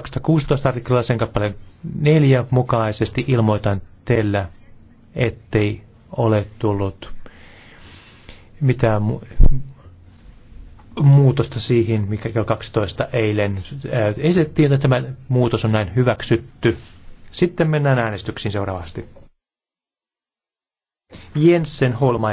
216 artiklalla sen kappaleen neljä mukaisesti ilmoitan teillä, ettei ole tullut mitään muutosta siihen, mikä kello 12 eilen äh, esitettiin, että tämä muutos on näin hyväksytty. Sitten mennään äänestyksiin seuraavasti. Jensen Holmaier.